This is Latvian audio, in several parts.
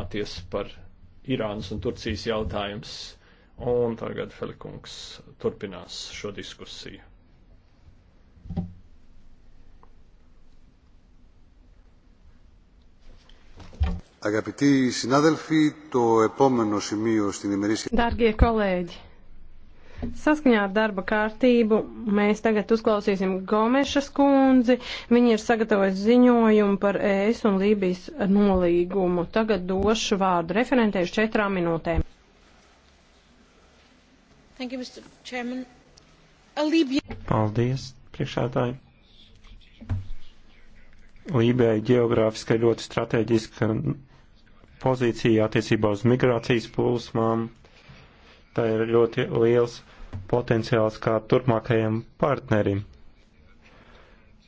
āties par Irānas un Turcijas jautājums, un tagad Felikungs turpinās šo diskusiju. Αγαπητοί συνάδελφοι, το επόμενο σημείο στην ημερήσια... Δάργιε κολέγοι. Saskaņā ar darba kārtību mēs tagad uzklausīsim Gomešas kundzi. Viņa ir sagatavojusi ziņojumu par ES un Lībijas nolīgumu. Tagad došu vārdu referentēšu četrām minūtēm. Thank you, Mr. Chairman. Alībija. Paldies, priekšādāji. Lībijai geogrāfiski ļoti strateģiska pozīcija attiecībā uz migrācijas plūsmām. Tā ir ļoti liels potenciāls kā turpmākajam partnerim.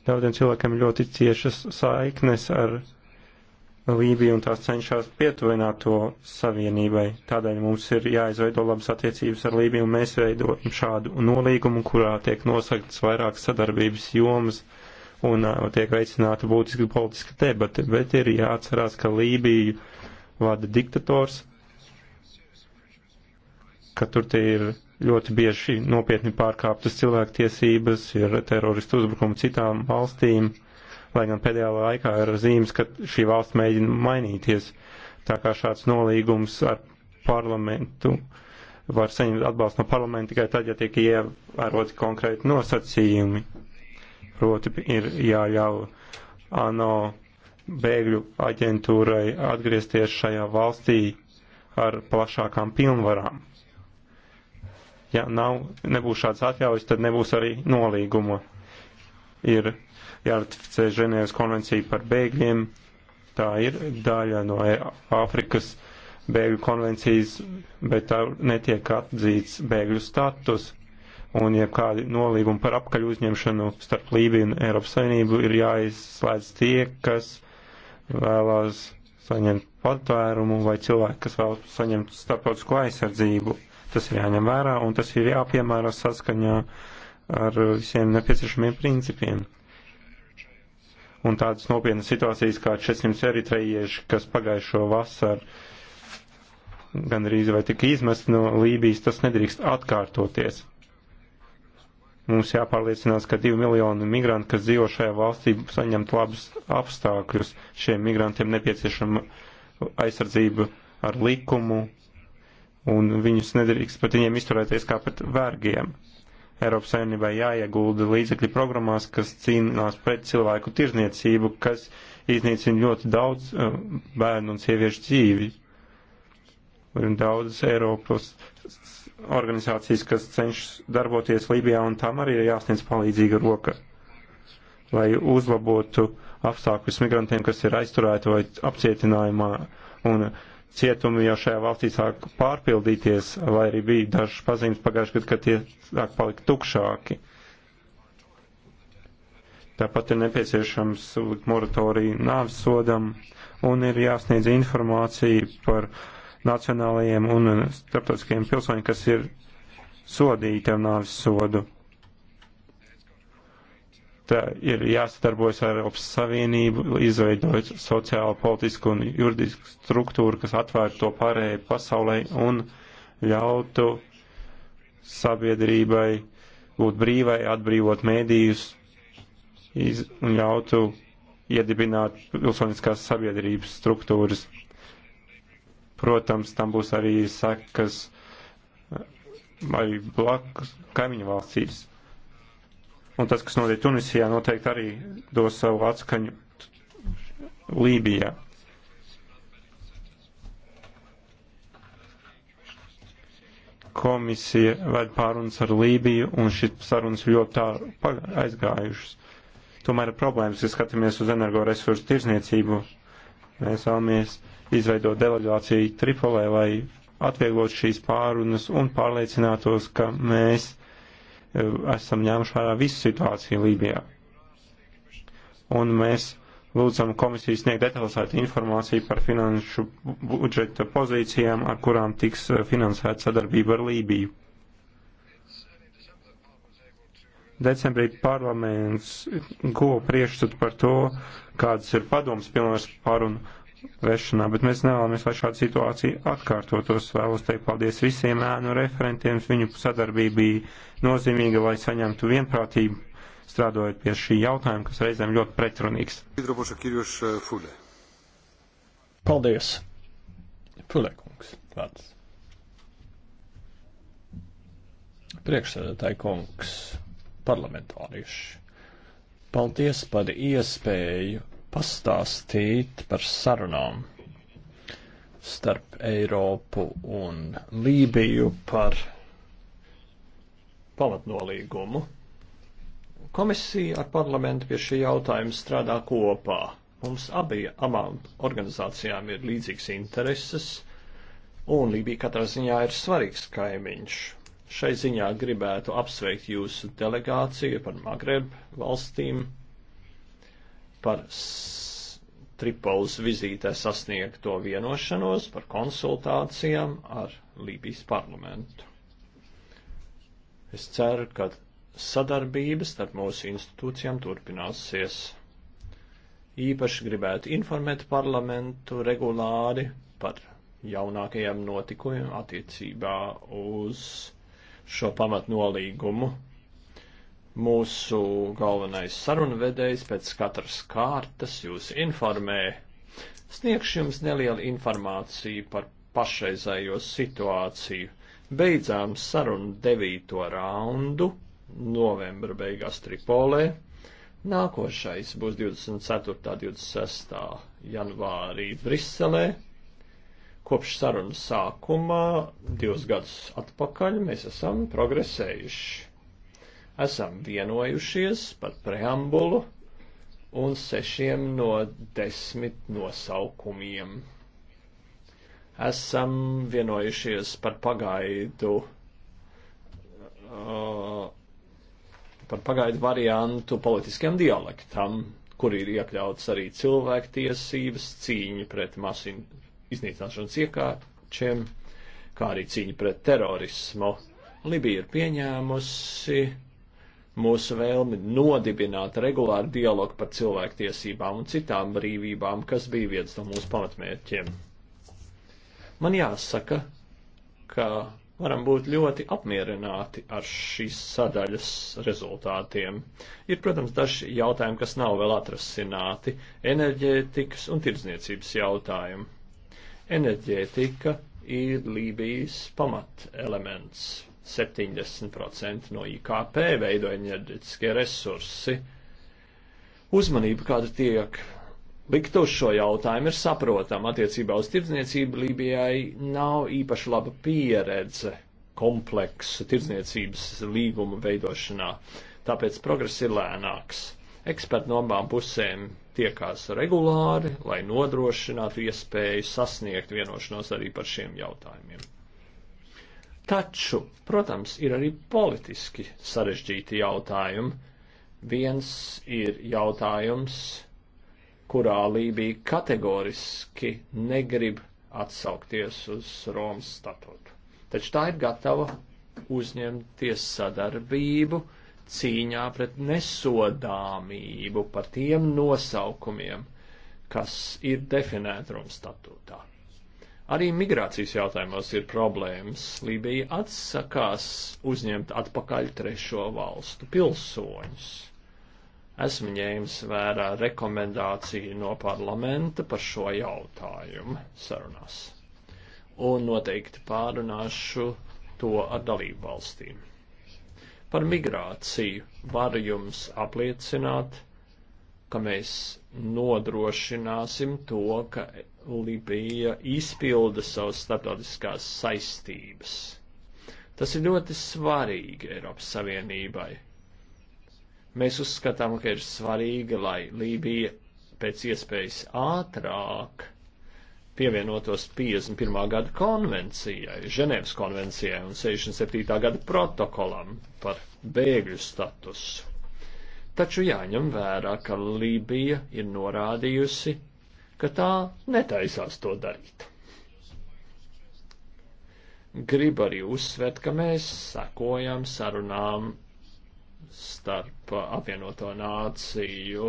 Daudziem cilvēkiem ļoti ciešas saiknes ar Lībiju un tās cenšas pietuvināt to savienībai. Tādēļ mums ir jāizveido labas attiecības ar Lībiju un mēs veidojam šādu nolīgumu, kurā tiek nosaktas vairākas sadarbības jomas un uh, tiek veicināta būtiska politiska debata, bet ir jāatcerās, ka Lībiju vada diktators, ka tur tie ir ļoti bieži nopietni pārkāptas cilvēktiesības, ir teroristu uzbrukumi citām valstīm, lai gan pēdējā laikā ir zīmes, ka šī valsts mēģina mainīties. Tā kā šāds nolīgums ar parlamentu var saņemt atbalstu no parlamenta tikai tad, ja tiek ievēroti konkrēti nosacījumi. Proti ir jāļauj ANO bēgļu aģentūrai atgriezties šajā valstī ar plašākām pilnvarām. Ja nav, nebūs šāds atļaujas, tad nebūs arī nolīguma. Ir jāratificē Ženēvas konvencija par bēgļiem. Tā ir daļa no e- Āfrikas bēgļu konvencijas, bet tā netiek atzīts bēgļu status. Un jebkādi nolīgumi par apkaļu uzņemšanu starp Lībiju un Eiropas Savienību ir jāizslēdz tie, kas vēlās saņemt patvērumu vai cilvēki, kas vēl saņemt starptautisko aizsardzību. Tas ir jāņem vērā un tas ir jāpiemēro saskaņā ar visiem nepieciešamiem principiem. Un tādas nopietnas situācijas kā 400 eritrejieši, kas pagājušo vasaru gandrīz vai tika izmest no Lībijas, tas nedrīkst atkārtoties. Mums jāpārliecinās, ka divi miljoni migrantu, kas dzīvo šajā valstī, saņemt labus apstākļus. Šiem migrantiem nepieciešama aizsardzība ar likumu, un viņus nedrīkst pret viņiem izturēties kā pret vergiem. Eiropas Savienībai jāiegulda līdzekļi programmās, kas cīnās pret cilvēku tirzniecību, kas iznīcina ļoti daudz uh, bērnu un sieviešu dzīvi. Ir daudzas Eiropas organizācijas, kas cenšas darboties Lībijā, un tam arī ir jāsniedz palīdzīga roka, lai uzlabotu apstākļus migrantiem, kas ir aizturēti vai apcietinājumā. Un uh, cietumi jau šajā valstī sāk pārpildīties, lai arī bija dažas pazīmes pagājušajā gadā, ka tie sāk palikt tukšāki. Tāpat ir nepieciešams likt moratoriju nāves sodam un ir jāsniedz informācija par nacionālajiem un starptautiskajiem pilsoņiem, kas ir sodīti ar nāves sodu tā ir jāsadarbojas ar Eiropas Savienību, izveidot sociālu, politisku un juridisku struktūru, kas atvērtu to pārējai pasaulē un ļautu sabiedrībai būt brīvai, atbrīvot mēdījus iz, un ļautu iedibināt pilsoniskās sabiedrības struktūras. Protams, tam būs arī sekas arī blakus kaimiņu valstīs un tas, kas notiek Tunisijā, noteikti arī dos savu atskaņu Lībijā. Komisija ved pārunas ar Lībiju, un šis sarunas ļoti tā aizgājušas. Tomēr ir problēmas, ja skatāmies uz energoresursu tirzniecību. Mēs vēlamies izveidot delegāciju Tripolē, lai atvieglot šīs pārunas un pārliecinātos, ka mēs Eh, esam ņēmuši vērā visu situāciju Lībijā. Un mēs lūdzam komisijas sniegt detalizētu informāciju par finanšu budžeta pozīcijām, ar kurām tiks eh, finansēta sadarbība ar Lībiju. Decembrī parlaments guva priekšstatu par to, kādas ir padomas pilnvars pārunu vešanā, bet mēs nevēlamies, lai šāda situācija atkārtotos. Vēlos teikt paldies visiem ēnu referentiem, viņu sadarbība bija nozīmīga, lai saņemtu vienprātību strādājot pie šī jautājuma, kas reizēm ļoti pretrunīgs. Paldies! Fulēkungs, vārds. Priekšsēdētāji kungs, parlamentārieši, paldies par iespēju pastāstīt par sarunām starp Eiropu un Lībiju par pamatnolīgumu. Komisija ar parlamentu pie šī jautājuma strādā kopā. Mums abi, abām organizācijām ir līdzīgas intereses, un Lībija katrā ziņā ir svarīgs kaimiņš. Šai ziņā gribētu apsveikt jūsu delegāciju par Magreb valstīm par Tripolis vizītē sasniegto vienošanos par konsultācijām ar Lībijas parlamentu. Es ceru, ka sadarbība starp mūsu institūcijām turpināsies. Īpaši gribētu informēt parlamentu regulāri par jaunākajiem notikumiem attiecībā uz šo pamatnolīgumu Mūsu galvenais sarunvedējs pēc katras kārtas jūs informē. Sniegšu jums nelielu informāciju par pašreizējo situāciju. Beidzām sarunu devīto raundu novembra beigās Tripolē. Nākošais būs 24. un 26. janvārī Briselē. Kopš sarunas sākumā, divus gadus atpakaļ, mēs esam progresējuši esam vienojušies par preambulu un sešiem no desmit nosaukumiem. Esam vienojušies par pagaidu, uh, par pagaidu variantu politiskiem dialektam, kur ir iekļauts arī cilvēktiesības, cīņa pret masu iznīcināšanas iekārčiem, kā arī cīņa pret terorismu. Libija ir pieņēmusi mūsu vēlmi nodibināt regulāru dialogu par cilvēktiesībām un citām brīvībām, kas bija viens no mūsu pamatmērķiem. Man jāsaka, ka varam būt ļoti apmierināti ar šīs sadaļas rezultātiem. Ir, protams, daži jautājumi, kas nav vēl atrasināti - enerģētikas un tirdzniecības jautājumi. Enerģētika ir Lībijas pamat elements 70% no IKP veido enerģetiskie resursi. Uzmanība, kāda tiek likt uz šo jautājumu, ir saprotama. Attiecībā uz tirdzniecību Lībijai nav īpaši laba pieredze kompleksu tirdzniecības līgumu veidošanā, tāpēc progress ir lēnāks. Eksperti no abām pusēm tiekās regulāri, lai nodrošinātu iespēju sasniegt vienošanos arī par šiem jautājumiem. Taču, protams, ir arī politiski sarežģīti jautājumi. Viens ir jautājums, kurā Lībija kategoriski negrib atsaukties uz Romas statūtu. Taču tā ir gatava uzņemties sadarbību cīņā pret nesodāmību par tiem nosaukumiem, kas ir definēti Romas statūtā. Arī migrācijas jautājumos ir problēmas. Lībija atsakās uzņemt atpakaļ trešo valstu pilsoņus. Esmu ņēmis vērā rekomendāciju no parlamenta par šo jautājumu sarunās. Un noteikti pārunāšu to ar dalību valstīm. Par migrāciju varu jums apliecināt, ka mēs nodrošināsim to, ka Libija izpilda savas starptautiskās saistības. Tas ir ļoti svarīgi Eiropas Savienībai. Mēs uzskatām, ka ir svarīgi, lai Lībija pēc iespējas ātrāk pievienotos 51. gada konvencijai, Ženēvas konvencijai un 67. gada protokolam par bēgļu statusu. Taču jāņem vērā, ka Lībija ir norādījusi, ka tā netaisās to darīt. Gribu arī uzsvērt, ka mēs sekojam sarunām starp apvienoto nāciju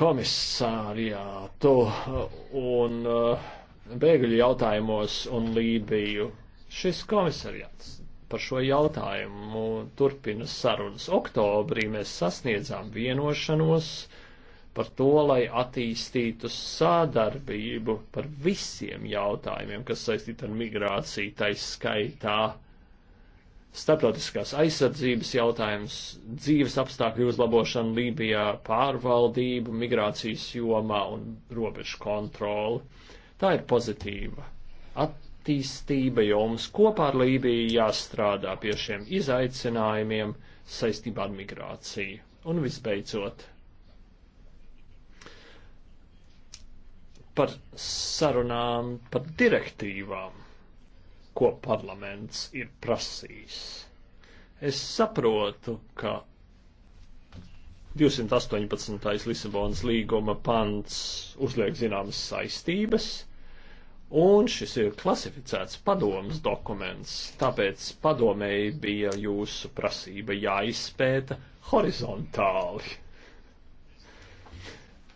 komisāriātu un bēgļu jautājumos un Lībiju. Šis komisariāts par šo jautājumu turpina sarunas. Oktobrī mēs sasniedzām vienošanos par to, lai attīstītu sadarbību par visiem jautājumiem, kas saistīti ar migrāciju, tai skaitā starptautiskās aizsardzības jautājums, dzīves apstākļu uzlabošana Lībijā, pārvaldību, migrācijas jomā un robežu kontroli. Tā ir pozitīva attīstība, jo mums kopā ar Lībiju jāstrādā pie šiem izaicinājumiem saistībā ar migrāciju. Un visbeidzot, par sarunām par direktīvām, ko parlaments ir prasījis. Es saprotu, ka 218. Lisabonas līguma pants uzliek zināmas saistības, un šis ir klasificēts padomas dokuments, tāpēc padomēji bija jūsu prasība jāizpēta horizontāli.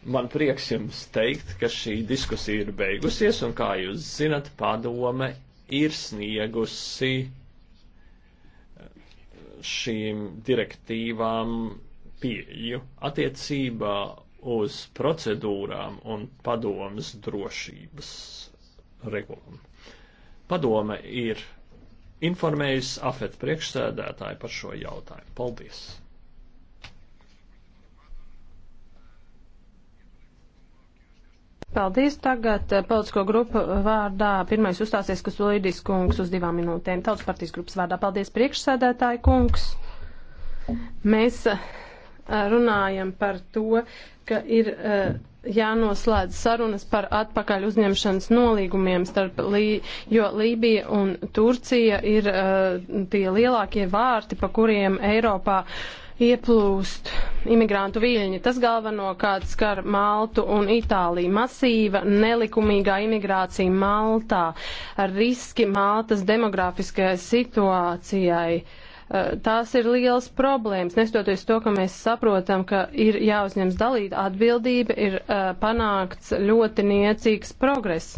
Man prieks jums teikt, ka šī diskusija ir beigusies, un kā jūs zinat, padome ir sniegusi šīm direktīvām pieju attiecībā uz procedūrām un padomas drošības regulām. Padome ir informējusi AFET priekšsēdētāju par šo jautājumu. Paldies! Paldies. Tagad eh, politisko grupu vārdā pirmais uzstāsies Kusulīdis kungs uz divām minūtēm. Tautas partijas grupas vārdā. Paldies priekšsēdētāji kungs. Mēs eh, runājam par to, ka ir eh, jānoslēdz sarunas par atpakaļ uzņemšanas nolīgumiem, starp Lī, jo Lībija un Turcija ir tie lielākie vārti, pa kuriem Eiropā uh, ieplūst imigrantu viļņi. Tas galvenokārt skar Maltu un Itāliju. Masīva nelikumīgā imigrācija Maltā ar riski Maltas demografiskajai situācijai. Eh, tās ir liels problēmas, nestoties to, ka mēs saprotam, ka ir jāuzņems dalīta atbildība, ir eh, panākts ļoti niecīgs progress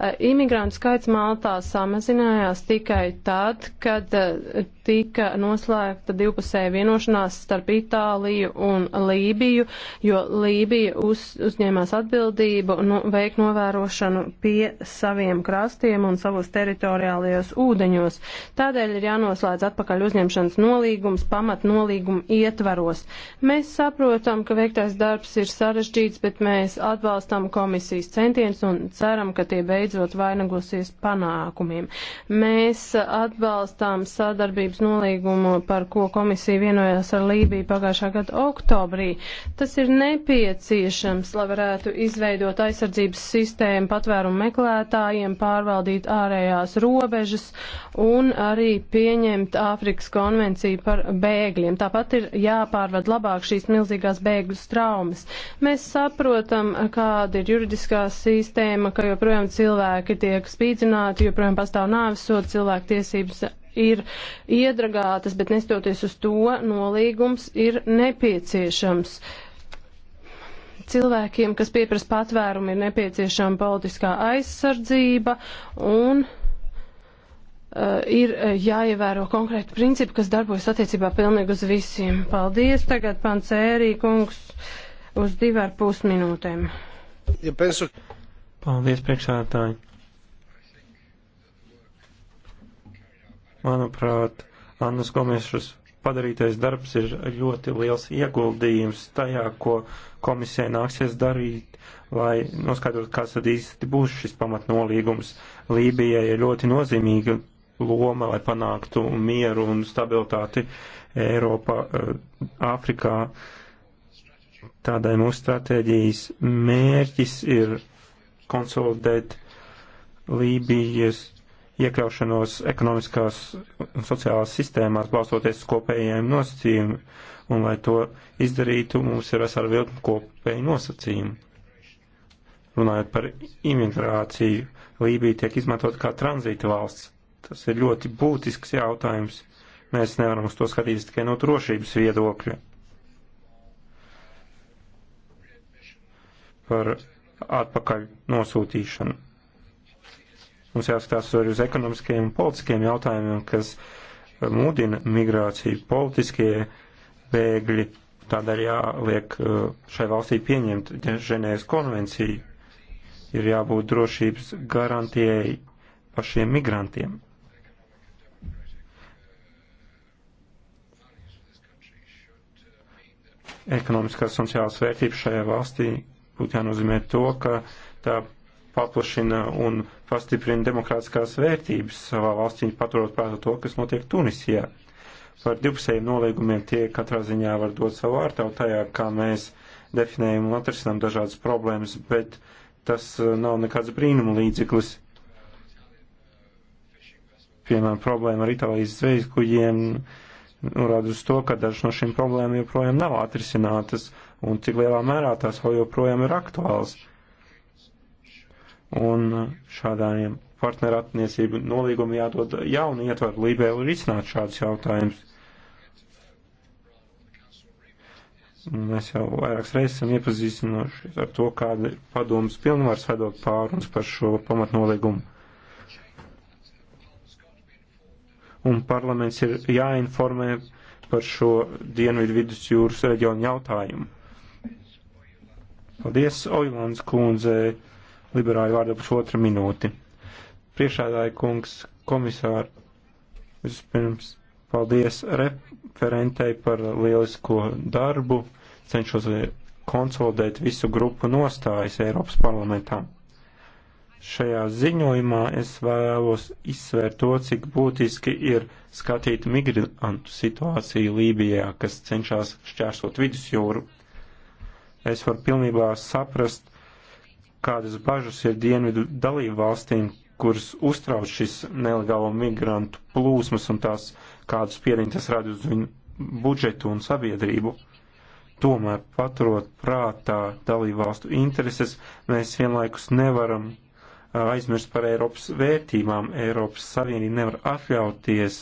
Eh, imigrantu skaits Maltā samazinājās tikai tad, kad eh, tika noslēgta divpusēja vienošanās starp Itāliju un Lībiju, jo Lībija uz, uzņēmās atbildību nu, veikt novērošanu pie saviem krastiem un savos teritoriālajos ūdeņos. Tādēļ ir jānoslēdz atpakaļ uzņemšanas nolīgums pamat nolīguma ietvaros. Mēs saprotam, ka veiktais darbs ir sarežģīts, bet mēs atbalstam komisijas centienus un ceram, ka tie beidz beidzot vainagosies panākumiem. Mēs atbalstām sadarbības nolīgumu, par ko komisija vienojās ar Lībiju pagājušā gada oktobrī. Tas ir nepieciešams, lai varētu izveidot aizsardzības sistēmu patvērumu meklētājiem, pārvaldīt ārējās robežas un arī pieņemt Āfrikas konvenciju par bēgļiem. Tāpat ir jāpārvad labāk šīs milzīgās bēgļu straumes. Mēs saprotam, kāda ir juridiskā sistēma, ka joprojām cilvēki cilvēki tiek spīdzināti, joprojām pastāv nāves soda, cilvēku tiesības ir iedragātas, bet nestoties uz to, nolīgums ir nepieciešams. Cilvēkiem, kas pieprasa patvērumu, ir nepieciešama politiskā aizsardzība un uh, ir eh, jāievēro konkrēti principi, kas darbojas attiecībā pilnīgi uz visiem. Paldies, tagad pants ērī kungs uz divar pusminūtēm. Ja pensu... Paldies, priekšsādātāji. Manuprāt, Annas Gomešas padarītais darbs ir ļoti liels ieguldījums tajā, ko komisija nāksies darīt, lai noskaidrotu, kāds tad īsti būs šis pamatnolīgums. Lībijai ir ļoti nozīmīga loma, lai panāktu mieru un stabilitāti Eiropā, eh, Āfrikā. Tādai mūsu stratēģijas mērķis ir konsolidēt Lībijas iekļaušanos ekonomiskās un sociālās sistēmās, balstoties uz kopējiem nosacījumiem, un lai to izdarītu, mums ir vesela vilna kopēju nosacījumu. Runājot par imigrāciju, Lībija tiek izmantot kā tranzīta valsts. Tas ir ļoti būtisks jautājums. Mēs nevaram uz to skatīties tikai no drošības viedokļa. Par atpakaļ nosūtīšanu. Mums jāskatās arī uz ekonomiskajiem un politiskiem jautājumiem, kas eh, mudina migrāciju, politiskie bēgļi, tādēļ jāliek eh, šai valstī pieņemt Ženēvas konvenciju, ir jābūt drošības garantijai pašiem migrantiem. Ekonomiskās un sociālās vērtības šajā valstī būtu jānozīmē to, ka tā paplašina un pastiprina demokrātiskās vērtības savā valstī, paturot prātā to, kas notiek Tunisijā. Par divpusējiem nolīgumiem tie katrā ziņā var dot savu vārtavu tajā, kā mēs definējam un atrisinām dažādas problēmas, bet tas uh, nav nekāds brīnuma līdzeklis. Piemēram, problēma ar Itālijas zvejas kuģiem norāda uz to, ka dažas no šīm problēmām joprojām nav atrisinātas un cik lielā mērā tās vēl joprojām ir aktuāls. Un šādām partneru attiecību nolīgumu jādod jaunu ietvaru Lībijai, lai risinātu šādus jautājumus. Mēs jau vairākas reizes esam iepazīstinošies ar to, kāda ir padomas pilnvars vedot pārunas par šo pamatnolīgumu. Un parlaments ir jāinformē par šo Dienvidu vidusjūras reģionu jautājumu. Paldies, Oilāns kundze, liberāļu vārdā pusotra minūti. Priekšādāja kungs, komisāri, vispirms paldies referentei par lielisko darbu, cenšos eh, konsolidēt visu grupu nostājas Eiropas parlamentā. Šajā ziņojumā es vēlos izsvērt to, cik būtiski ir skatīt migrantu situāciju Lībijā, kas cenšas šķērsot vidusjūru Es varu pilnībā saprast, kādas bažas ir dienvidu dalību valstīm, kuras uztrauc šis nelegālo migrantu plūsmas un tās, kādu spiedienu tas rada uz viņu budžetu un sabiedrību. Tomēr, paturot prātā dalību valstu intereses, mēs vienlaikus nevaram aizmirst par Eiropas vērtībām. Eiropas Savienība nevar atļauties,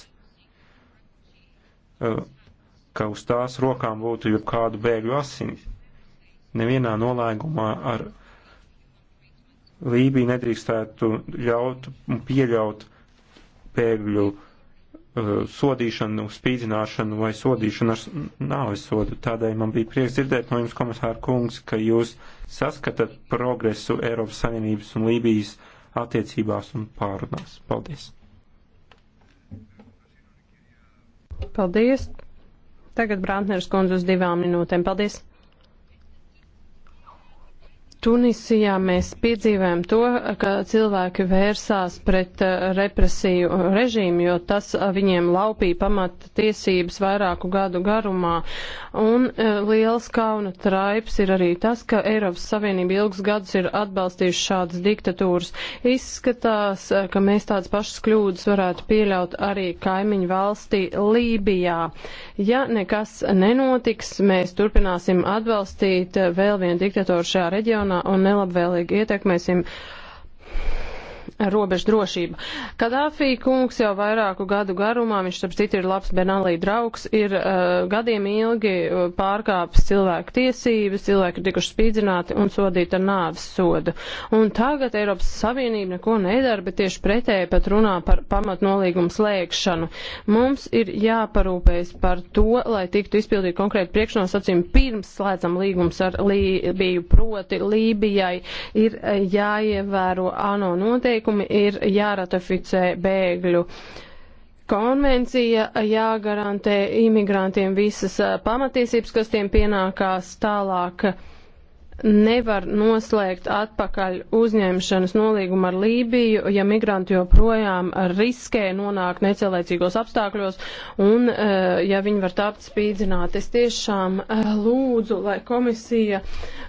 ka uz tās rokām būtu jau kādu bēgļu asinis nevienā nolēgumā ar Lībiju nedrīkstētu ļaut un pieļaut pēgļu uh, sodīšanu, spīdzināšanu vai sodīšanu ar nāves sodu. Tādēļ man bija prieks dzirdēt no jums, komisāra kungs, ka jūs saskatat progresu Eiropas Savienības un Lībijas attiecībās un pārunās. Paldies! Paldies! Tagad Brantners kundze uz divām minūtēm. Paldies! Tunisijā mēs piedzīvējam to, ka cilvēki vērsās pret eh, represiju režīmu, jo tas eh, viņiem laupīja pamata tiesības vairāku gadu garumā. Un eh, liels kauna traips ir arī tas, ka Eiropas Savienība ilgus gadus ir atbalstījuši šādas diktatūras. Izskatās, ka mēs tādas pašas kļūdas varētu pieļaut arī kaimiņu valstī Lībijā. Ja nekas nenotiks, mēs turpināsim atbalstīt vēl vienu diktatoru šajā reģionā reģionā un nelabvēlīgi ietekmēsim uh, robežu drošību. Kadāfī kungs jau vairāku gadu garumā, viņš starp citu ir labs Benalī draugs, ir uh, gadiem ilgi uh, pārkāpis cilvēku tiesības, cilvēki ir tikuši spīdzināti un sodīti ar nāves sodu. Un tagad Eiropas Savienība neko nedara, bet tieši pretēji pat runā par pamatnolīgumu slēgšanu. Mums ir jāparūpējas par to, lai tiktu izpildīt konkrēti priekšnosacījumi pirms slēdzam līgums ar Lībiju, proti Lībijai ir uh, jāievēro ANO noteikumi priekšlikumi ir jāratificē bēgļu konvencija, jāgarantē imigrantiem visas pamatiesības, kas tiem pienākās tālāk nevar noslēgt atpakaļ uzņemšanas nolīgumu ar Lībiju, ja migranti joprojām riskē nonākt necilvēcīgos apstākļos un eh, ja viņi var tapt spīdzināt. Es tiešām eh, lūdzu, lai komisija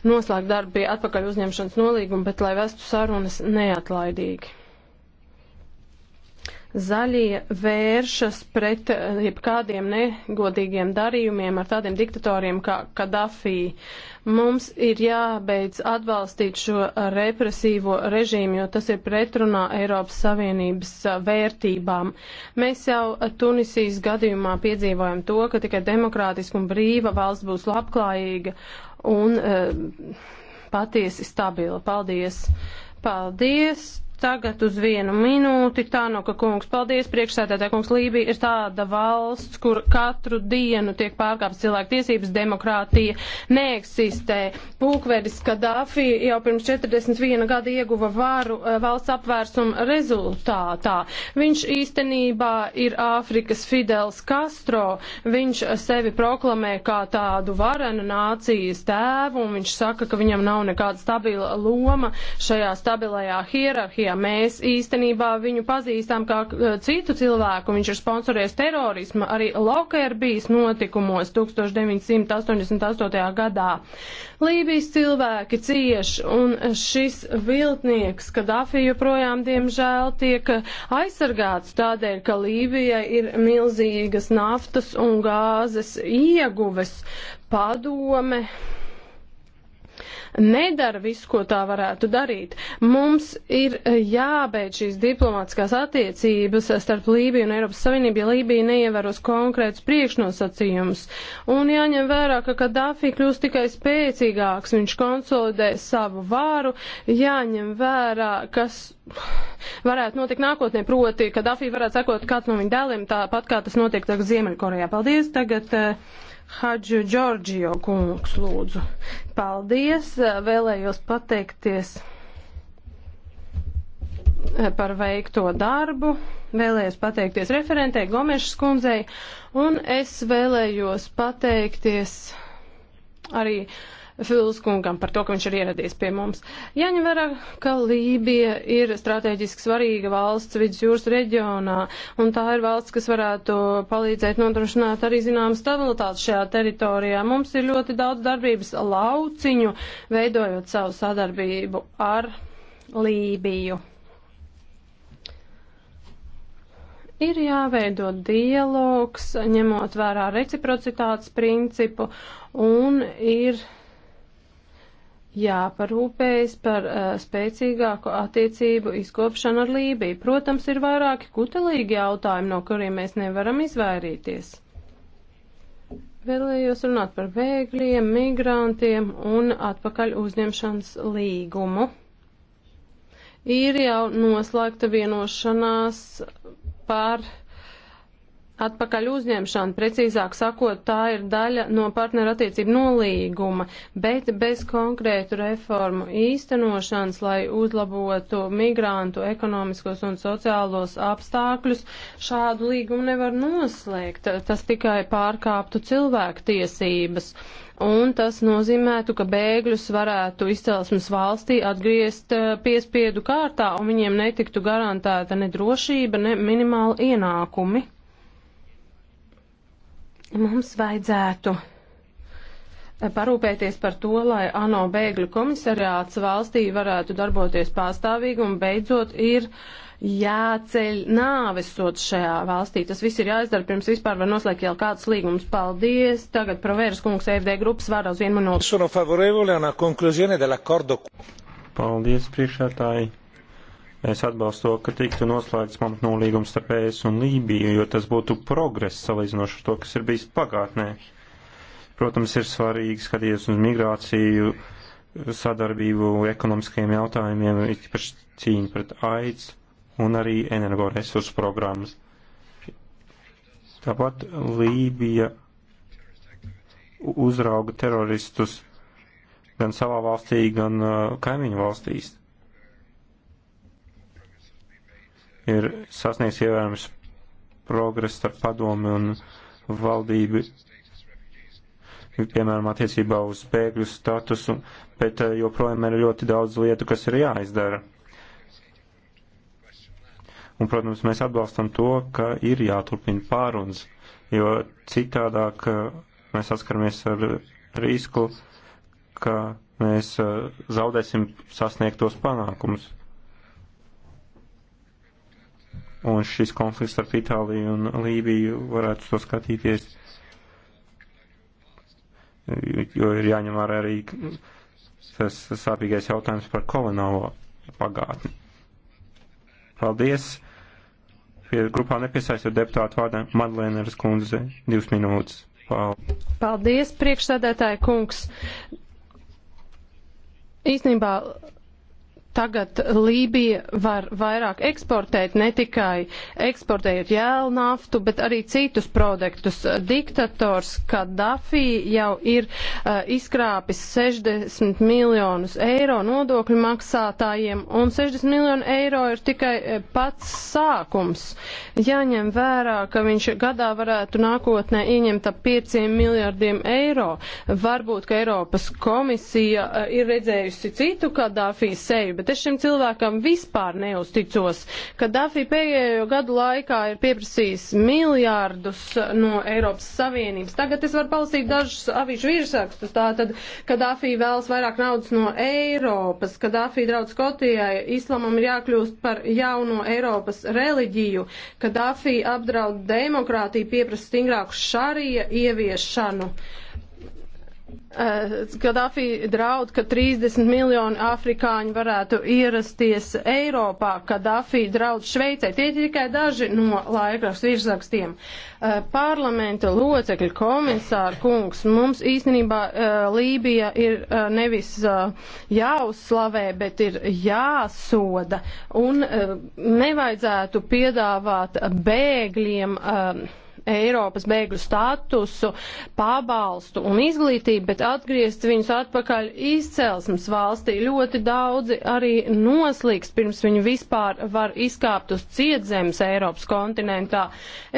noslēgtu darbu pie atpakaļ uzņemšanas nolīguma, bet lai vestu sarunas neatlaidīgi. Zaļie vēršas pret eh, jebkādiem negodīgiem darījumiem ar tādiem diktatoriem kā Kadafī. Uh, Mums ir jābeidz atbalstīt šo represīvo režīmu, jo tas ir pretrunā Eiropas Savienības vērtībām. Mēs jau Tunisijas gadījumā piedzīvojam to, ka tikai demokrātiska un brīva valsts būs labklājīga un e, patiesi stabila. Paldies! Paldies! Tagad uz vienu minūti. Tānoka kungs, paldies, priekšsēdētāja kungs. Lībija ir tāda valsts, kur katru dienu tiek pārkāpts cilvēku tiesības, demokrātija neeksistē. Pūkvedis Kadāfi jau pirms 41 gada ieguva varu eh, valsts apvērsuma rezultātā. Viņš īstenībā ir Āfrikas Fidels Castro. Viņš eh, sevi proklamē kā tādu varenu nācijas tēvu, un viņš saka, ka viņam nav nekāda stabila loma šajā stabilajā hierarhijā Sīrijā. Mēs īstenībā viņu pazīstam kā uh, citu cilvēku. Viņš ir sponsorējis terorismu, arī Lokerbijas notikumos 1988. gadā. Lībijas cilvēki cieš, un šis viltnieks, Kadafi joprojām, diemžēl, tiek aizsargāts tādēļ, ka Lībijai ir milzīgas naftas un gāzes ieguves padome nedara visu, ko tā varētu darīt. Mums ir eh, jābeidz šīs diplomātiskās attiecības starp Lībiju un Eiropas Savienību, ja Lībija neievēros konkrētus priekšnosacījumus. Un jāņem vērā, ka Kadāfi kļūs tikai spēcīgāks, viņš konsolidē savu vāru, jāņem vērā, kas varētu notikt nākotnē, proti, ka Dafī varētu sekot kāds no viņa dēliem, tāpat kā tas notiek tagad Ziemeļkorejā. Paldies! Tagad, uh, Hadžu Džordžio kungs lūdzu. Paldies, vēlējos pateikties par veikto darbu, vēlējos pateikties referentei Gomešas kundzei, un es vēlējos pateikties arī uh, Filskungam par to, ka viņš ir ieradies pie mums. Jaņem vērā, ka Lībija ir strateģiski svarīga valsts vidusjūras reģionā, un tā ir valsts, kas varētu palīdzēt nodrošināt arī zinām stabilitāti šajā teritorijā. Mums ir ļoti daudz darbības lauciņu, veidojot savu sadarbību ar Lībiju. ir jāveido dialogs, ņemot vērā reciprocitātes principu, un ir jāparūpējas par uh, spēcīgāku attiecību izkopšanu ar Lībiju. Protams, ir vairāki kutelīgi jautājumi, no kuriem mēs nevaram izvairīties. Vēlējos runāt par bēgļiem, migrantiem un atpakaļ uzņemšanas līgumu. Ir jau noslēgta vienošanās par uh, Atpakaļ uzņemšana, precīzāk sakot, tā ir daļa no partnerattiecību nolīguma, bet bez konkrētu reformu īstenošanas, lai uzlabotu migrantu ekonomiskos un sociālos apstākļus, šādu līgumu nevar noslēgt. Tas tikai pārkāptu cilvēku tiesības. Un tas nozīmētu, ka bēgļus varētu izcelsmes valstī atgriezt eh, piespiedu kārtā, un viņiem netiktu garantēta ne drošība, ne minimāla ienākumi. Mums vajadzētu parūpēties par to, lai ANO bēgļu komisariāts valstī varētu darboties pastāvīgi un beidzot ir jāceļ nāvesots šajā valstī. Tas viss ir jāizdara pirms vispār var noslēgt jau kāds līgums. Paldies. Tagad provērs kungs EFD grupas vārā uz vienu minūtu. Paldies priekšētāji. Es atbalstu to, ka tiktu noslēgts pamatnolīgums starp ES un Lībiju, jo tas būtu progress salīdzinoši ar to, kas ir bijis pagātnē. Protams, ir svarīgi skatīties uz migrāciju, sadarbību, ekonomiskajiem jautājumiem, īpaši cīņu pret aids un arī energoresursu programmas. Tāpat Lībija uzrauga teroristus gan savā valstī, gan uh, kaimiņu valstīs. ir sasniegts ievērams progress starp padomi un valdību, piemēram, attiecībā uz bēgļu statusu, bet eh, joprojām ir ļoti daudz lietu, kas ir jāizdara. Un, protams, mēs atbalstam to, ka ir jāturpina pārunas, jo citādāk eh, mēs saskaramies ar risku, ka mēs eh, zaudēsim sasniegtos panākumus un šis konflikts starp Itāliju un Lībiju varētu to skatīties, jo ir jāņem vērā arī tas sāpīgais jautājums par kolonālo pagātni. Paldies! Pie grupā nepiesaistot deputātu vārdā Madlēneras kundze divas minūtes. Paldies, Paldies priekšsēdētāja kungs! Īsnībā tagad Lībija var vairāk eksportēt, ne tikai eksportējot jēlu naftu, bet arī citus produktus. Diktators Kadafī jau ir uh, izkrāpis 60 miljonus eiro nodokļu maksātājiem, un 60 miljonu eiro ir tikai eh, pats sākums. Jāņem vērā, ka viņš gadā varētu nākotnē ieņemt ap 5 miljardiem eiro. Varbūt, ka Eiropas komisija uh, ir redzējusi citu Kadafī seju, bet bet es šim cilvēkam vispār neusticos, ka Dafī pēdējo gadu laikā ir pieprasījis miljārdus no Eiropas Savienības. Tagad es varu palasīt dažus avīšu virsrakstus, tātad, ka Dafī vēlas vairāk naudas no Eiropas, ka Dafī draudz Skotijai, islamam ir jākļūst par jauno Eiropas reliģiju, ka Dafī apdraud demokrātiju, pieprasa stingrāku šarija ieviešanu. Eh, Gaddafi draud, ka 30 miljoni afrikāņu varētu ierasties Eiropā, Gaddafi draud Šveicē. Tie ir tikai daži no laikraks virsrakstiem. Eh, parlamenta locekļi, komisāra kungs, mums īstenībā eh, Lībija ir nevis jāuzslavē, bet ir jāsoda un nevajadzētu piedāvāt bēgļiem Eiropas bēgļu statusu, pabalstu un izglītību, bet atgriezt viņus atpakaļ izcelsmes valstī. Ļoti daudzi arī noslīgs pirms viņi vispār var izkāpt uz cietzemes Eiropas kontinentā.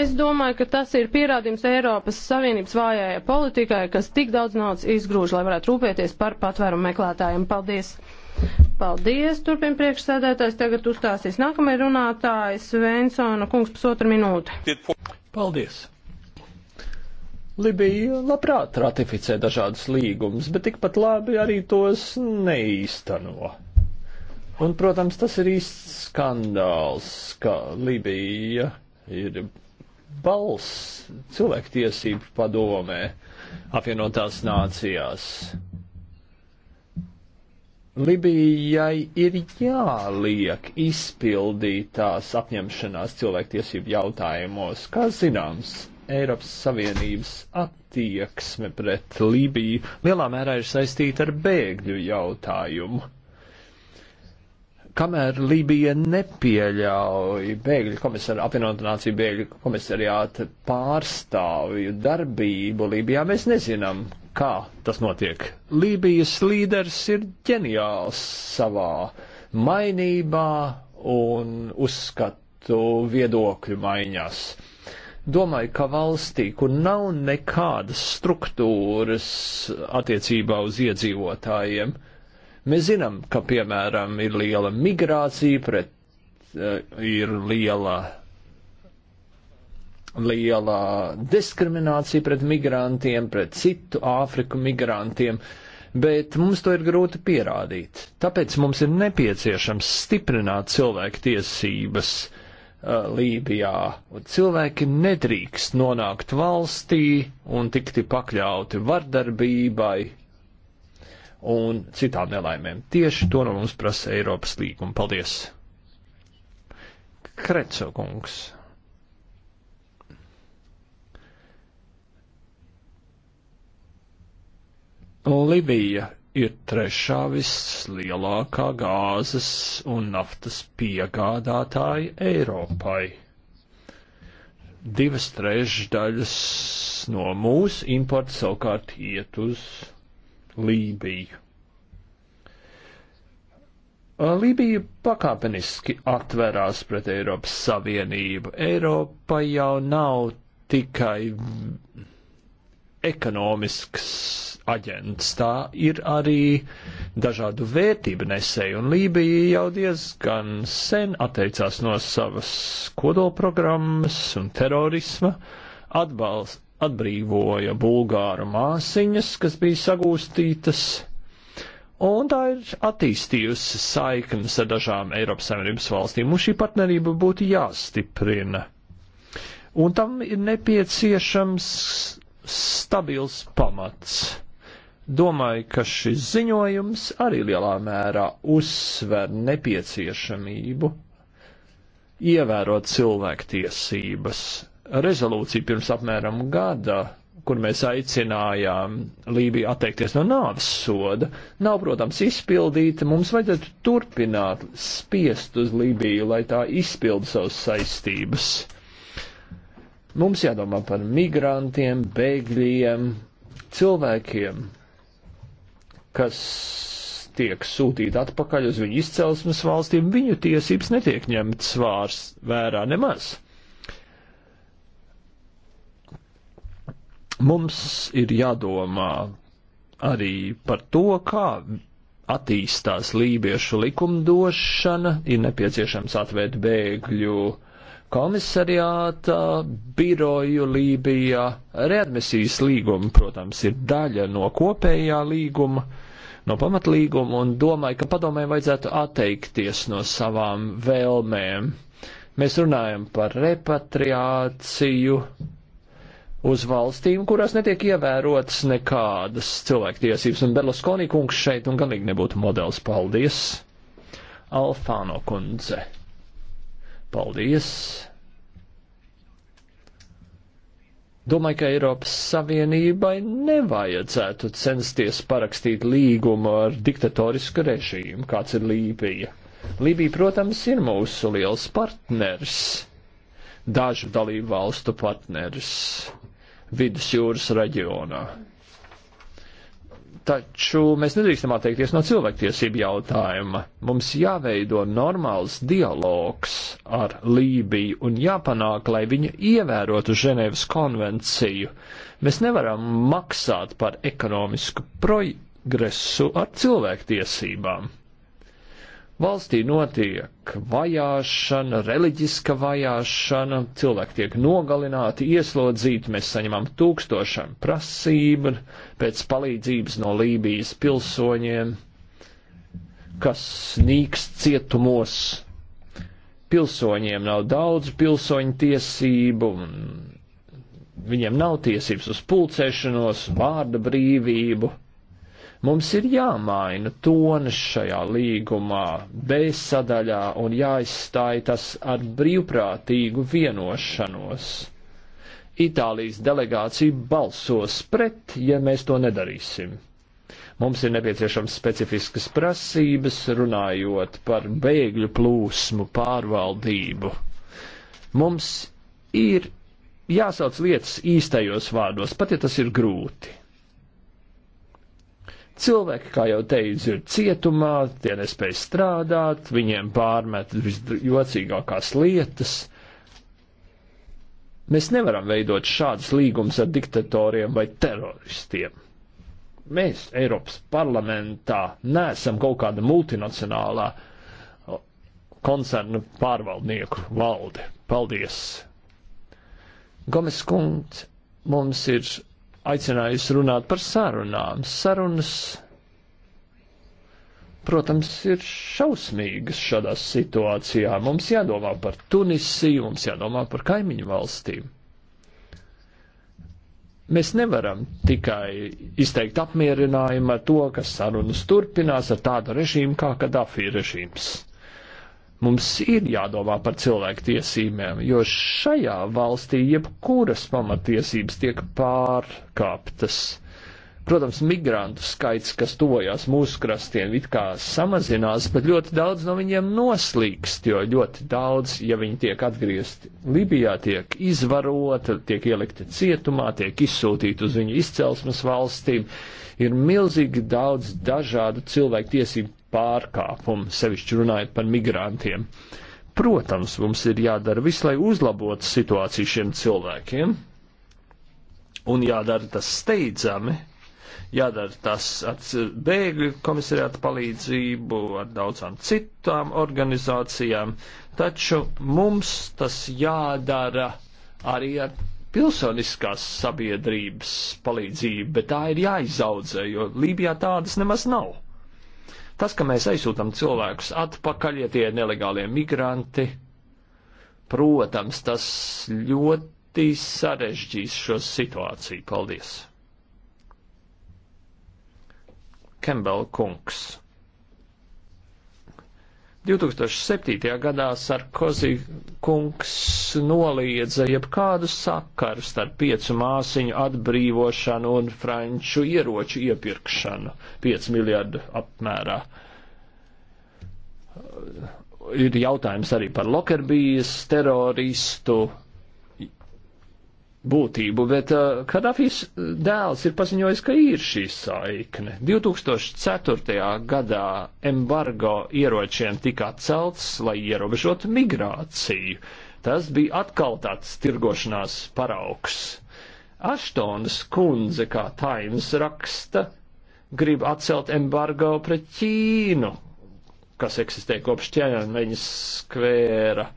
Es domāju, ka tas ir pierādījums Eiropas Savienības vājajai politikai, kas tik daudz naudas izgrūž, lai varētu rūpēties par patvērumu meklētājiem. Paldies! Paldies, turpina priekšsēdētājs. Tagad uzstāsies nākamajai runātājs Vensona kungs pusotru minūti. Paldies! Libija labprāt ratificē dažādus līgumus, bet tikpat labi arī tos neīsteno. Un, protams, tas ir īsts skandāls, ka Libija ir balss cilvēktiesību padomē apvienotās nācijās. Libijai ir jāliek izpildīt tās apņemšanās cilvēktiesību jautājumos, kā zināms. Eiropas Savienības attieksme pret Lībiju lielā mērā ir saistīta ar bēgļu jautājumu. Kamēr Lībija nepieļauj bēgļu komisaru, apvienotu nāciju bēgļu komisariāta pārstāvju darbību Lībijā, mēs nezinām, kā tas notiek. Lībijas līderis ir ģeniāls savā mainībā un uzskatu viedokļu maiņās. Domāju, ka valstī, kur nav nekādas struktūras attiecībā uz iedzīvotājiem, mēs zinām, ka, piemēram, ir liela migrācija, pret, eh, ir liela liela diskriminācija pret migrantiem, pret citu Āfriku migrantiem, bet mums to ir grūti pierādīt. Tāpēc mums ir nepieciešams stiprināt cilvēku tiesības uh, Lībijā, un cilvēki nedrīkst nonākt valstī un tikti pakļauti vardarbībai un citām nelaimēm. Tieši to no mums prasa Eiropas līguma. Paldies! Kreco kungs. Libija ir trešā vislielākā gāzes un naftas piegādātāja Eiropai. Divas trešdaļas no mūsu importa savukārt iet uz Lībiju. Lībija pakāpeniski atverās pret Eiropas Savienību. Eiropa jau nav tikai ekonomisks aģents, tā ir arī dažādu vērtību nesēja, un Lībija jau diezgan sen atteicās no savas kodolprogrammas un terorisma atbalsta atbrīvoja bulgāru māsiņas, kas bija sagūstītas, un tā ir attīstījusi saiknes ar dažām Eiropas Savienības valstīm, un šī partnerība būtu jāstiprina. Un tam ir nepieciešams stabils pamats. Domāju, ka šis ziņojums arī lielā mērā uzsver nepieciešamību ievērot cilvēktiesības. Rezolūcija pirms apmēram gada kur mēs aicinājām Lībiju atteikties no nāves soda, nav, protams, izpildīta. Mums vajadzētu turpināt spiest uz Lībiju, lai tā izpildu savas saistības. Mums jādomā par migrantiem, bēgļiem, cilvēkiem, kas tiek sūtīti atpakaļ uz viņu izcelsmes valstīm, viņu tiesības netiek ņemtas vārs vērā nemaz. Mums ir jādomā arī par to, kā attīstās lībiešu likumdošana, ir nepieciešams atvērt bēgļu uh, komisariāta, biroju Lībijā. Readmisijas līguma, protams, ir daļa no kopējā līguma, no pamatlīguma, un domāju, ka padomē vajadzētu atteikties no savām vēlmēm. Mēs runājam par repatriāciju uz valstīm, kurās netiek ievērotas nekādas cilvēktiesības, un Berluskonī kungs šeit un galīgi nebūtu modelis. Paldies! Alfāno kundze. Paldies! Domāju, ka Eiropas Savienībai nevajadzētu censties parakstīt līgumu ar diktatorisku režīmu, kāds ir Lībija. Lībija, protams, ir mūsu liels partners, dažu dalību valstu partners vidusjūras reģionā. Taču mēs nedrīkstam atteikties no cilvēktiesību jautājuma. Mums jāveido normāls dialogs ar Lībiju un jāpanāk, lai viņa ievērotu Ženēvas konvenciju. Mēs nevaram maksāt par ekonomisku progresu ar cilvēktiesībām. Valstī notiek vajāšana, reliģiska vajāšana, cilvēki tiek nogalināti, ieslodzīti, mēs saņemam tūkstošiem prasību pēc palīdzības no Lībijas pilsoņiem, kas nīks cietumos. Pilsoņiem nav daudz pilsoņu tiesību, viņiem nav tiesības uz pulcēšanos, vārda brīvību Mums ir jāmaina tona šajā līgumā, bez sadaļā un jāizstāj tas ar brīvprātīgu vienošanos. Itālijas delegācija balsos pret, ja mēs to nedarīsim. Mums ir nepieciešams specifiskas prasības, runājot par bēgļu plūsmu pārvaldību. Mums ir jāsauc lietas īstajos vārdos, pat ja tas ir grūti. Cilvēki, kā jau teicu, ir cietumā, tie nespēj strādāt, viņiem pārmet visjocīgākās lietas. Mēs nevaram veidot šādus līgumus ar diktatoriem vai teroristiem. Mēs Eiropas parlamentā neesam kaut kāda multinacionālā koncernu pārvaldnieku valde. Paldies! Gomes kungs mums ir aicinājusi runāt par sarunām. Sarunas, protams, ir šausmīgas šādā situācijā. Mums jādomā par Tunisiju, mums jādomā par kaimiņu valstīm. Mēs nevaram tikai izteikt apmierinājumu ar to, ka sarunas turpinās ar tādu režīmu kā Kadafī režīms. Mums ir jādomā par cilvēku tiesībām, jo šajā valstī jebkuras pamatiesības tiek pārkāptas. Protams, migrantu skaits, kas tojās mūsu krastiem, it kā samazinās, bet ļoti daudz no viņiem noslīkst, jo ļoti daudz, ja viņi tiek atgriezti Libijā, tiek izvarota, tiek ielikti cietumā, tiek izsūtīti uz viņu izcelsmes valstīm. Ir milzīgi daudz dažādu cilvēku tiesību pārkāpumu, sevišķi runājot par migrantiem. Protams, mums ir jādara viss, lai uzlabotu situāciju šiem cilvēkiem, un jādara tas steidzami, jādara tas ar bēgļu komisariātu palīdzību, ar daudzām citām organizācijām, taču mums tas jādara arī ar pilsoniskās sabiedrības palīdzību, bet tā ir jāizaudzē, jo Lībijā tādas nemaz nav. Tas, ka mēs aizsūtam cilvēkus atpakaļ, ja tie ir nelegālie migranti, protams, tas ļoti sarežģīs šo situāciju. Paldies! Kembel kungs. 2007. gadā Sarkozy kungs noliedza jebkādu sakaru starp piecu māsiņu atbrīvošanu un franču ieroču iepirkšanu 5 miljardu apmērā. Ir jautājums arī par Lokerbijas teroristu būtību, bet uh, Kadafis dēls ir paziņojis, ka ir šī saikne. 2004. gadā embargo ieročiem tika atcelts, lai ierobežotu migrāciju. Tas bija atkal tāds tirgošanās paraugs. Aštons kundze, kā Times raksta, grib atcelt embargo pret Ķīnu, kas eksistē kopš ķēniņas skvēra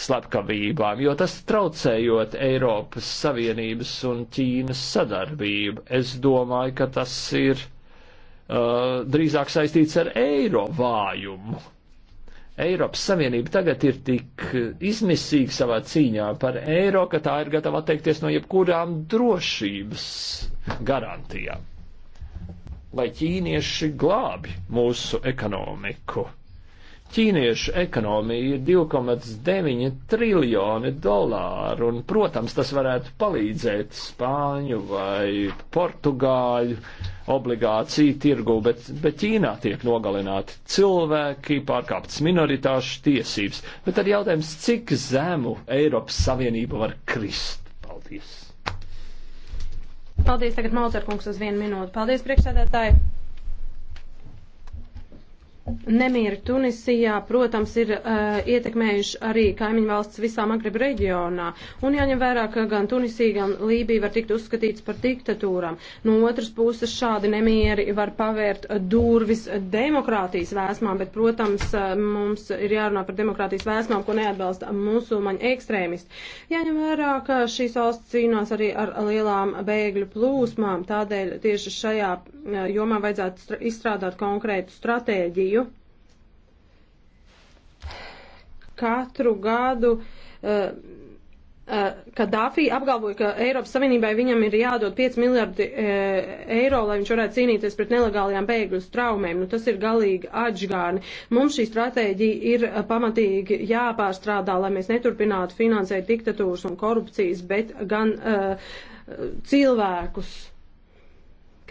slepkavībām, jo tas traucējot Eiropas Savienības un Ķīnas sadarbību. Es domāju, ka tas ir uh, drīzāk saistīts ar eiro vājumu. Eiropas Savienība tagad ir tik izmisīga savā cīņā par eiro, ka tā ir gatava atteikties no jebkurām drošības garantijām, lai ķīnieši glābi mūsu ekonomiku ķīniešu ekonomija ir 2,9 triljoni dolāru, un, protams, tas varētu palīdzēt Spāņu vai Portugāļu obligāciju tirgu, bet, bet Ķīnā tiek nogalināti cilvēki, pārkāptas minoritāšu tiesības. Bet tad jautājums, cik zemu Eiropas Savienība var krist? Paldies! Paldies, tagad Malcerkungs uz vienu minūti. Paldies, priekšsēdētāji! Nemieri Tunisijā, protams, ir uh, ietekmējuši arī kaimiņu valsts visā Magrebu reģionā. Un jāņem vērā, ka gan Tunisija, gan Lībija var tikt uzskatīts par diktatūram. No otras puses šādi nemieri var pavērt durvis demokrātijas vēsmām, bet, protams, eh, mums ir jārunā par demokrātijas vēsmām, ko neatbalsta musulmaņu ekstrēmisti. Jāņem vērā, ka šīs valsts cīnās arī ar lielām bēgļu plūsmām, tādēļ tieši šajā eh, jomā vajadzētu izstrādāt konkrētu stratēģiju katru gadu. Uh, eh, eh, Kadāfī apgalvoja, ka Eiropas Savienībai viņam ir jādod 5 miljardi eh, eiro, lai viņš varētu cīnīties pret nelegālajām bēgļu straumēm. Nu, tas ir galīgi atžgāni. Mums šī stratēģija ir pamatīgi jāpārstrādā, lai mēs neturpinātu finansēt diktatūras un korupcijas, bet gan uh, cilvēkus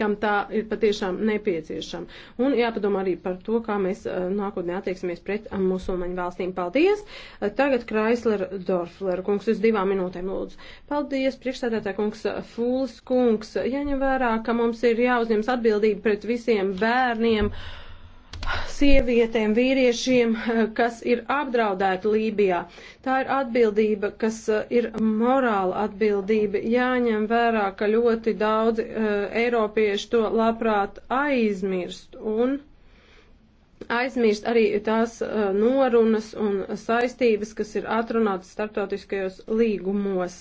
kam tā ir patiešām nepieciešama. Un jāpadomā arī par to, kā mēs eh, nākotnē attieksimies pret eh, musulmaņu valstīm. Paldies! Eh, tagad Kreisler Dorfler kungs uz divām minūtēm lūdzu. Paldies, priekšstādātā kungs Fūls kungs. Jaņem vērā, ka mums ir jāuzņems atbildība pret visiem bērniem. Uh, sievietēm, vīriešiem, eh, kas ir apdraudēti Lībijā. Tā ir atbildība, kas eh, ir morāla atbildība. Jāņem vērā, ka ļoti daudzi uh, eiropieši to labprāt aizmirst. Un, aizmirst arī tās uh, norunas un saistības, kas ir atrunātas starptautiskajos līgumos.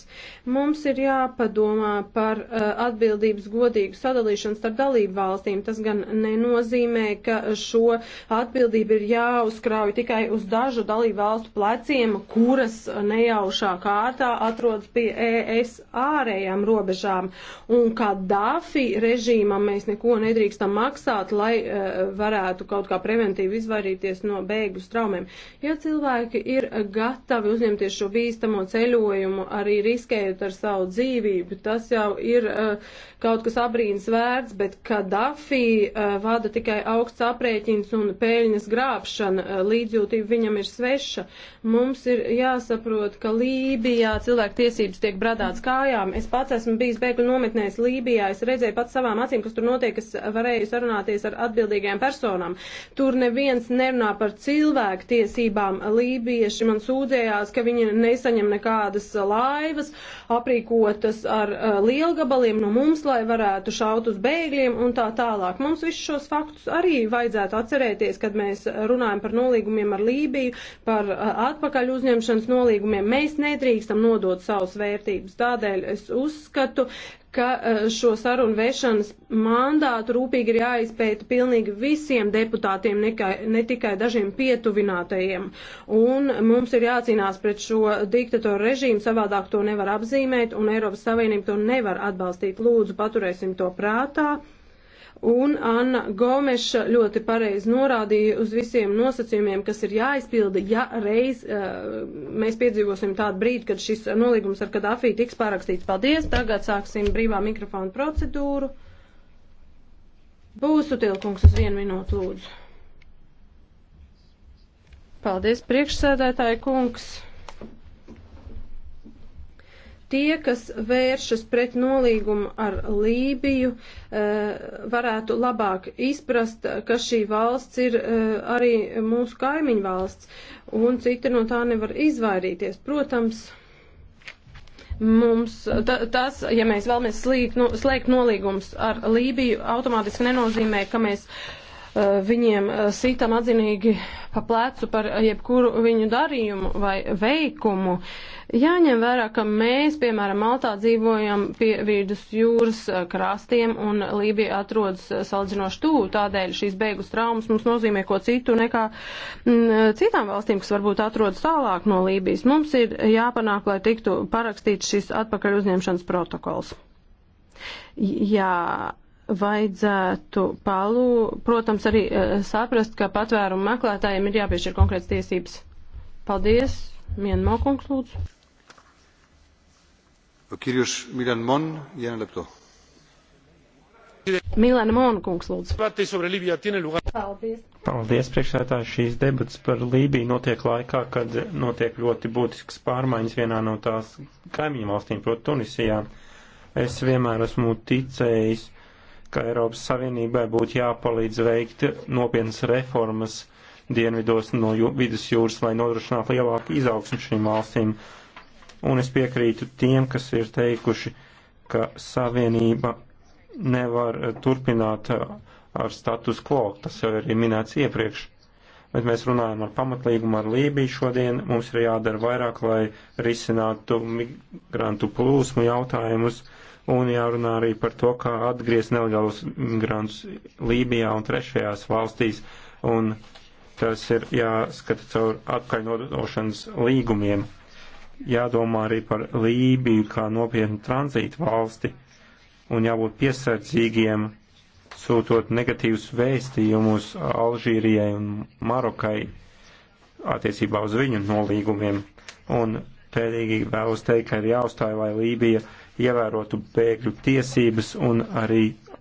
Mums ir jāpadomā par uh, atbildības godīgu sadalīšanu starp dalību valstīm. Tas gan nenozīmē, ka šo atbildību ir jāuzkrauj tikai uz dažu dalību valstu pleciem, kuras nejaušā kārtā atrodas pie ES ārējām robežām. Un kā Dāfi režīmam mēs neko nedrīkstam maksāt, lai uh, varētu kaut kā preventīvi alternatīva izvairīties no bēgļu straumēm. Ja cilvēki ir gatavi uzņemties šo bīstamo ceļojumu, arī riskējot ar savu dzīvību, tas jau ir uh, kaut kas abrīns vērts, bet Kadafi uh, eh, vada tikai augsts aprēķins un pēļņas grābšana, uh, līdzjūtība viņam ir sveša. Mums ir jāsaprot, ka Lībijā cilvēku tiesības tiek bradāts kājām. Es pats esmu bijis bēgļu nometnēs Lībijā, es redzēju pats savām acīm, kas tur notiek, es varēju sarunāties ar atbildīgajām personām. Tur neviens nerunā par cilvēku tiesībām. Lībieši man sūdzējās, ka viņi nesaņem nekādas laivas, aprīkotas ar uh, lielgabaliem no mums, lai varētu šaut uz bēgļiem un tā tālāk. Mums visus šos faktus arī vajadzētu atcerēties, kad mēs runājam par nolīgumiem ar Lībiju, par uh, atpakaļ uzņemšanas nolīgumiem. Mēs nedrīkstam nodot savus vērtības. Tādēļ es uzskatu, ka eh, šo sarunu vešanas mandātu rūpīgi ir jāizpēta pilnīgi visiem deputātiem, nekā, ne tikai dažiem pietuvinātajiem. Un mums ir jācīnās pret šo diktatoru režīmu, savādāk to nevar apzīmēt, un Eiropas Savienība to nevar atbalstīt. Lūdzu, paturēsim to prātā. Un Anna Gomeša ļoti pareizi norādīja uz visiem nosacījumiem, kas ir jāizpilda, ja reiz uh, mēs piedzīvosim tādu brīdi, kad šis nolīgums ar Kadafī tiks pārakstīts. Paldies! Tagad sāksim brīvā mikrofona procedūru. Būsu tilkungs uz vienu minūtu lūdzu. Paldies, priekšsēdētāji kungs! Tie, kas vēršas pret nolīgumu ar Lībiju, eh, varētu labāk izprast, ka šī valsts ir eh, arī mūsu kaimiņu valsts, un citi no tā nevar izvairīties. Protams, mums tas, ja mēs vēlamies slīgt, no, slēgt nolīgums ar Lībiju, automātiski nenozīmē, ka mēs uh, Eh, viņiem eh, sītam atzinīgi pa plecu par jebkuru viņu darījumu vai veikumu. Jāņem vērā, ka mēs, piemēram, Maltā dzīvojam pie vīdus jūras eh, krastiem un Lībija atrodas saldzinoši tū, tādēļ šīs beigus traumas mums nozīmē ko citu nekā m, mm, citām valstīm, kas varbūt atrodas tālāk no Lībijas. Mums ir jāpanāk, lai tiktu parakstīts šis atpakaļ uzņemšanas protokols. Jā, vajadzētu palū, protams, arī eh, saprast, ka patvērumu meklētājiem ir jāpiešķir konkrēts tiesības. Paldies, Mienmo kungs, lūdzu. Kirjus Milan Mon, Jāna Lepto. Milena Monkungs, lūdzu. Paldies. Paldies, priekšētāji. Šīs debats par Lībiju notiek laikā, kad notiek ļoti būtisks pārmaiņas vienā no tās kaimiņu valstīm, proti Tunisijā. Es vienmēr esmu ticējis ka Eiropas Savienībai būtu jāpalīdz veikt nopietnas reformas dienvidos no vidus jūras, lai nodrošinātu lielāku izaugsmu šīm valstīm. Un es piekrītu tiem, kas ir teikuši, ka Savienība nevar eh, turpināt eh, ar status quo, tas jau ir minēts iepriekš. Bet mēs runājam ar pamatlīgumu ar Lībiju šodien, mums ir jādara vairāk, lai risinātu migrantu plūsmu jautājumus. Uh, un jārunā arī par to, kā atgriezt nelegālus migrantus Lībijā un trešajās valstīs, un tas ir jāskata caur atkainošanas līgumiem. Jādomā arī par Lībiju kā nopietnu tranzītu valsti, un jābūt piesardzīgiem sūtot negatīvus vēstījumus Alžīrijai un Marokai attiecībā uz viņu nolīgumiem. Un pēdīgi vēlos teikt, ka ir jāuzstāj, lai Lībija ievērotu bēgļu tiesības un arī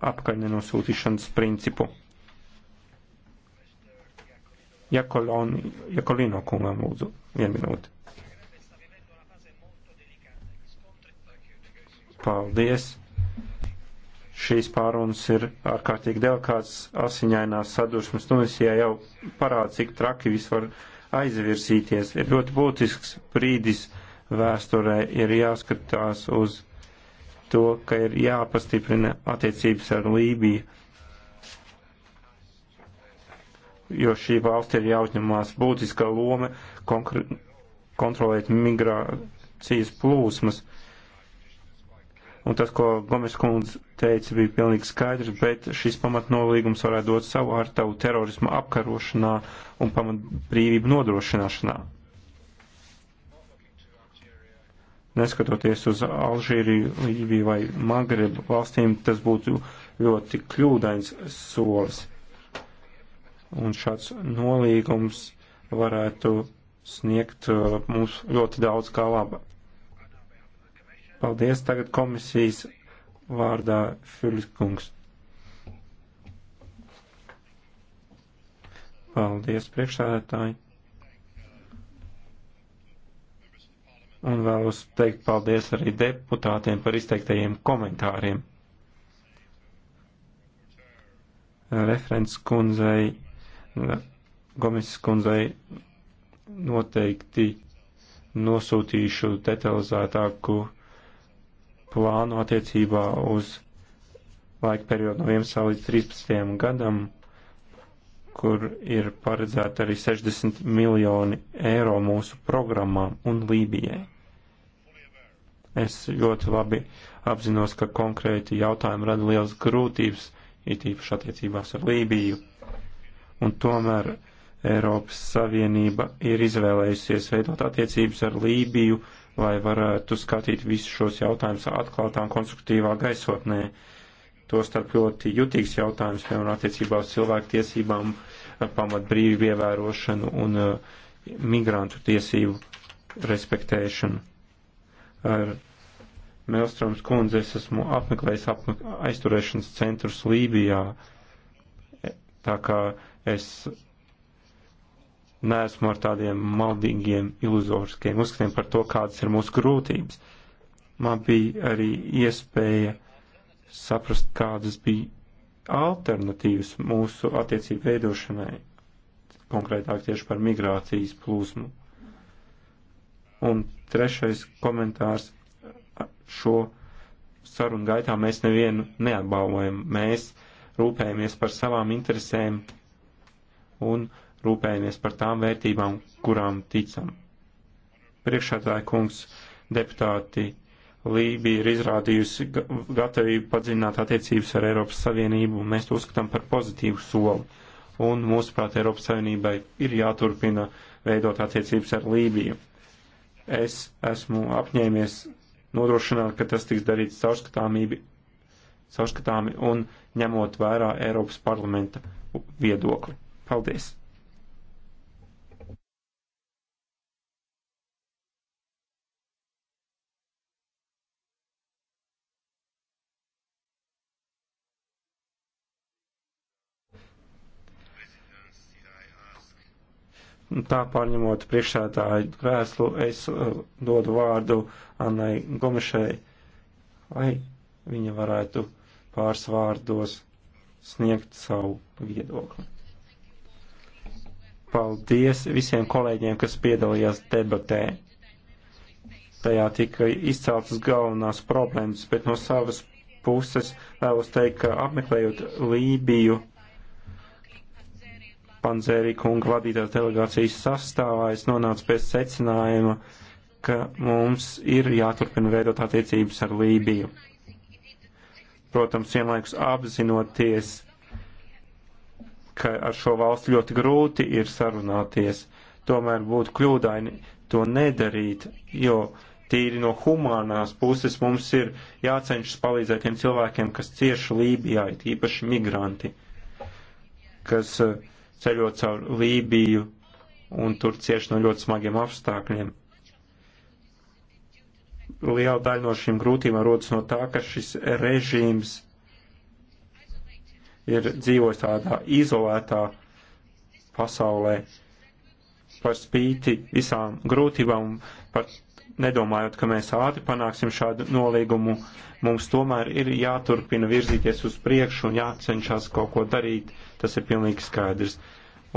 apkaļnenosūtīšanas principu. Jakoloni, Jakolino kungam lūdzu, vienu minūti. Paldies. Šīs pārunas ir ārkārtīgi delikāts asiņainās sadursmes. Tunisijā nu, jau parāda, cik traki viss var aizvirsīties. Ir ļoti būtisks brīdis vēsturē, ir jāskatās uz to, ka ir jāpastiprina attiecības ar Lībiju, jo šī valsts ir jāuzņemās būtiska loma kontrolēt migrācijas plūsmas. Un tas, ko Gomes kundze teica, bija pilnīgi skaidrs, bet šis pamatnolīgums varētu dot savu ar tavu terorismu apkarošanā un pamatbrīvību nodrošināšanā. neskatoties uz Alžīriju, Lībiju vai Magrebu valstīm, tas būtu ļoti kļūdains solis. Un šāds nolīgums varētu sniegt uh, mums ļoti daudz kā laba. Paldies tagad komisijas vārdā Filiskungs. Paldies priekšsēdētāji. un vēlos teikt paldies arī deputātiem par izteiktajiem komentāriem. Referents kundzei, Gomes kundzei noteikti nosūtīšu detalizētāku plānu attiecībā uz laika periodu no 11. līdz 13. gadam kur ir paredzēta arī 60 miljoni eiro mūsu programmām un Lībijai. Es ļoti labi apzinos, ka konkrēti jautājumi rada liels grūtības, it īpaši attiecībās ar Lībiju. Un tomēr Eiropas Savienība ir izvēlējusies veidot attiecības ar Lībiju, lai varētu skatīt visus šos jautājumus atklātām konstruktīvā gaisotnē. Uh, tostarp ļoti jutīgs jautājums, piemēram, attiecībā uz cilvēku tiesībām, eh, pamatbrīvu ievērošanu un uh, migrantu tiesību respektēšanu. Ar Melstroms kundze es esmu apmeklējis apmek aizturēšanas centrus Lībijā, tā kā es neesmu ar tādiem maldīgiem, iluzoriskiem uzskatiem par to, kādas ir mūsu grūtības. Man bija arī iespēja uh, saprast, kādas bija alternatīvas mūsu attiecību veidošanai, konkrētāk tieši par migrācijas plūsmu. Un trešais komentārs šo sarunu gaitā mēs nevienu neatbalvojam. Mēs rūpējamies par savām interesēm un rūpējamies par tām vērtībām, kurām ticam. Priekšādāja kungs deputāti Lībija ir izrādījusi gatavību padziļināt attiecības ar Eiropas Savienību, un mēs to uzskatām par pozitīvu soli. Un, mūsuprāt, Eiropas Savienībai ir jāturpina veidot attiecības ar Lībiju. Es esmu apņēmies nodrošināt, ka tas tiks darīts caurskatāmi un ņemot vērā Eiropas parlamenta viedokli. Paldies! Tā pārņemot priekšsētāju krēslu, es uh, dodu vārdu Annai Gomešai, lai viņa varētu pāris vārdos sniegt savu viedokli. Paldies visiem kolēģiem, kas piedalījās debatē. Tajā tika izceltas galvenās problēmas, bet no savas puses vēlos teikt, ka apmeklējot Lībiju Panzēri kunga vadītās delegācijas sastāvā es nonācu pie secinājuma, ka mums ir jāturpina veidot attiecības ar Lībiju. Protams, vienlaikus apzinoties, ka ar šo valstu ļoti grūti ir sarunāties, tomēr būtu kļūdaini to nedarīt, jo tīri no humānās puses mums ir jācenšas palīdzēt tiem cilvēkiem, kas cieši Lībijā, it īpaši migranti, kas uh, ceļot caur Lībiju un tur cieši no ļoti smagiem apstākļiem. Liela daļa no šīm grūtībām rodas no tā, ka šis režīms ir dzīvojis tādā izolētā pasaulē par spīti visām grūtībām, par nedomājot, ka mēs ātri panāksim šādu nolīgumu, mums tomēr ir jāturpina virzīties uz priekšu un jācenšas kaut ko darīt Tas ir pilnīgi skaidrs.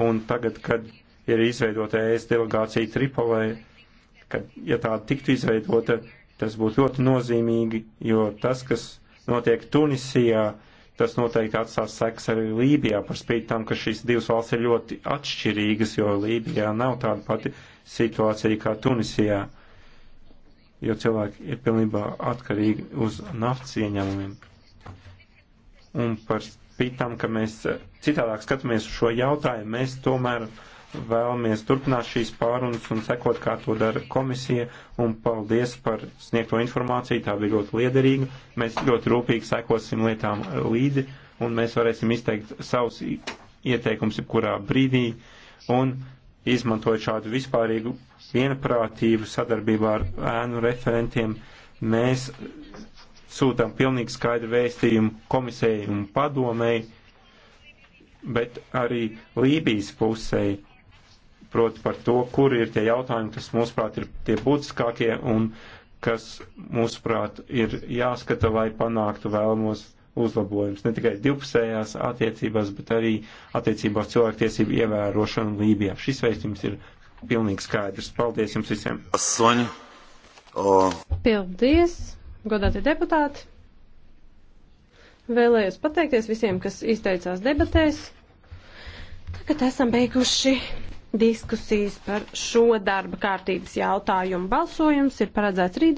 Un tagad, kad ir izveidota ES delegācija Tripolē, kad, ja tāda tiktu izveidota, tas būtu ļoti nozīmīgi, jo tas, kas notiek Tunisijā, tas noteikti atstās seks arī Lībijā, par spīti tam, ka šīs divas valsts ir ļoti atšķirīgas, jo Lībijā nav tāda pati situācija kā Tunisijā, jo cilvēki ir pilnībā atkarīgi uz naftas ieņēmumiem. Un par Pēc tam, ka mēs eh, citādāk skatāmies uz šo jautājumu, mēs tomēr vēlamies turpināt šīs pārunas un sekot, kā to dara komisija, un paldies par sniegto informāciju, tā bija ļoti liederīga. Mēs ļoti rūpīgi sekosim lietām līdzi, un mēs varēsim izteikt savus ieteikums jebkurā brīdī, un izmantojot šādu vispārīgu vienprātību sadarbībā ar ēnu referentiem, mēs sūtam pilnīgi skaidru vēstījumu komisēji un padomēji, bet arī Lībijas pusēji, proti par to, kur ir tie jautājumi, kas mūsuprāt ir tie būtiskākie un kas mūsuprāt ir jāskata, lai panāktu vēlamos uzlabojums ne tikai divpusējās attiecībās, bet arī attiecībās cilvēktiesību ievērošanu Lībijā. Šis veistījums ir pilnīgi skaidrs. Paldies jums visiem! Asoņa. Oh. Paldies! godāti deputāti. Vēlējos pateikties visiem, kas izteicās debatēs. Tagad esam beiguši diskusijas par šo darba kārtības jautājumu. Balsojums ir paredzēts rītdien.